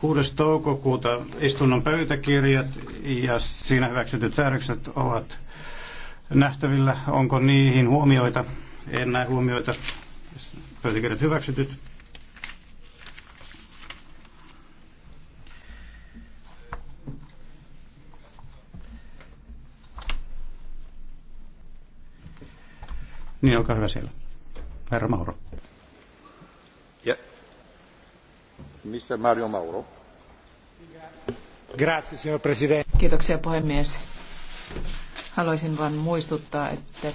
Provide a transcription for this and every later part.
6. toukokuuta istunnon pöytäkirjat ja siinä hyväksytyt säädökset ovat nähtävillä. Onko niihin huomioita? En näe huomioita. Pöytäkirjat hyväksytyt. Niin, olkaa hyvä siellä. Herra Mauro. arvoisa Kiitoksia puhemies. Haluaisin vain muistuttaa, että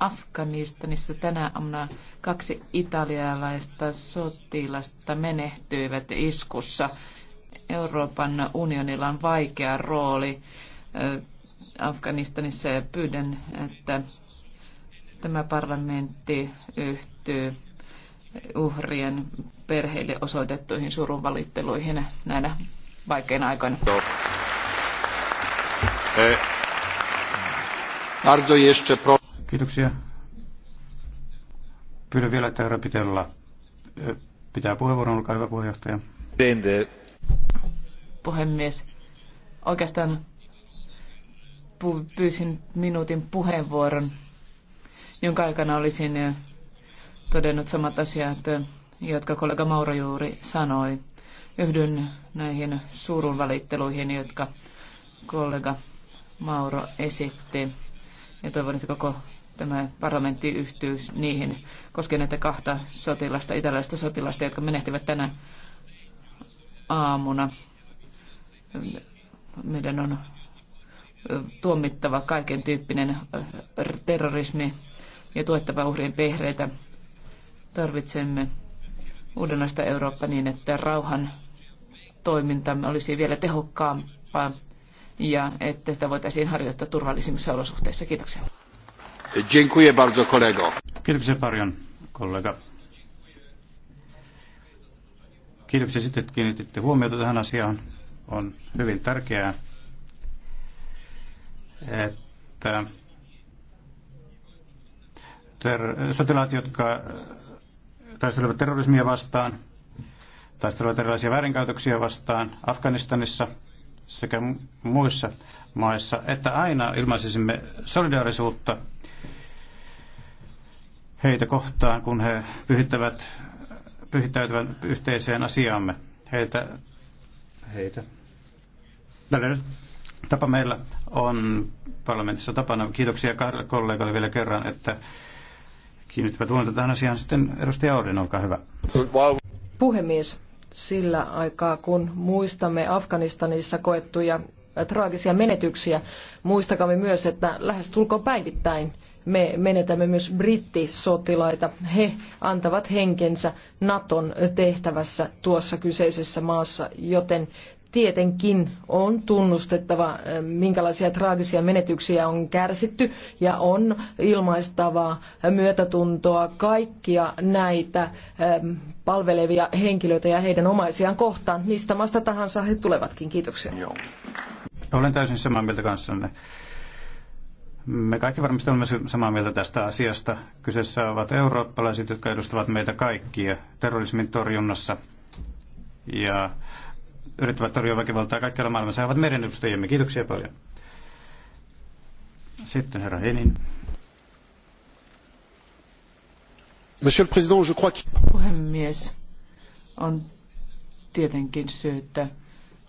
Afganistanissa tänä aamuna kaksi italialaista sotilasta menehtyivät iskussa. Euroopan unionilla on vaikea rooli Afganistanissa ja pyydän, että tämä parlamentti yhtyy uhrien perheille osoitettuihin surunvalitteluihin valitteluihin näinä vaikeina aikoina. E, Kiitoksia. Pyydän vielä, että herra Pitella e, pitää puheenvuoron. Olkaa hyvä puheenjohtaja. Puhemies, oikeastaan pyysin minuutin puheenvuoron, jonka aikana olisin todennut samat asiat, jotka kollega Mauro juuri sanoi. Yhdyn näihin surun valitteluihin, jotka kollega Mauro esitti. Ja toivon, että koko tämä parlamentti yhtyy niihin koskien näitä kahta sotilasta, itäläistä sotilasta, jotka menehtivät tänä aamuna. Meidän on tuomittava kaiken tyyppinen terrorismi ja tuettava uhrien perheitä. Tarvitsemme uudenlaista Eurooppaa niin, että rauhan toimintamme olisi vielä tehokkaampaa ja että sitä voitaisiin harjoittaa turvallisimmissa olosuhteissa. Kiitoksia. Dziękuję bardzo kolego. Kiitoksia paljon kollega. Kiitoksia sitten, että kiinnititte huomiota tähän asiaan. On hyvin tärkeää, että ter- sotilaat, jotka taistelevat terrorismia vastaan, taistelevat erilaisia väärinkäytöksiä vastaan Afganistanissa sekä muissa maissa, että aina ilmaisisimme solidaarisuutta heitä kohtaan, kun he pyhittävät, pyhittäytyvät yhteiseen asiaamme. Heitä, heitä. Tällä tapa meillä on parlamentissa tapana. Kiitoksia kollegalle vielä kerran, että kiinnittävät huomiota tähän asiaan. Sitten edustaja Oudin, olkaa hyvä. Puhemies, sillä aikaa kun muistamme Afganistanissa koettuja äh, traagisia menetyksiä, muistakamme myös, että lähes tulkoon päivittäin me menetämme myös brittisotilaita. He antavat henkensä Naton tehtävässä tuossa kyseisessä maassa, joten tietenkin on tunnustettava, eh, minkälaisia traagisia menetyksiä on kärsitty ja on ilmaistava myötätuntoa kaikkia näitä eh, palvelevia henkilöitä ja heidän omaisiaan kohtaan, mistä maasta tahansa he tulevatkin. Kiitoksia. Joo. Olen täysin samaa mieltä kanssanne. Me kaikki varmasti olemme samaa mieltä tästä asiasta. Kyseessä ovat eurooppalaiset, jotka edustavat meitä kaikkia terrorismin torjunnassa ja yrittävät torjua väkivaltaa kaikkialla maailmassa ovat meidän edustajiemme. Kiitoksia paljon. Sitten herra Henin. Monsieur le Président, je crois que... Puhemies, on tietenkin syytä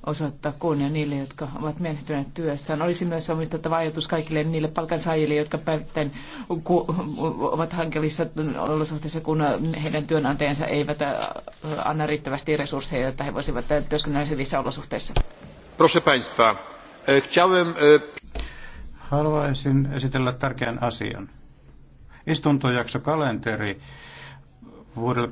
osoittaa kunnia niille, jotka ovat menehtyneet työssään. Olisi myös omistettava ajatus kaikille niille palkansaajille, jotka päivittäin ovat hankalissa olosuhteissa, kun heidän työnantajansa eivät äh, anna riittävästi resursseja, jotta he voisivat äh, työskennellä hyvissä olosuhteissa. Proszę Państwa, e, chciałem... E, Haluaisin esitellä tärkeän asian. Istuntojakso kalenteri vuodelle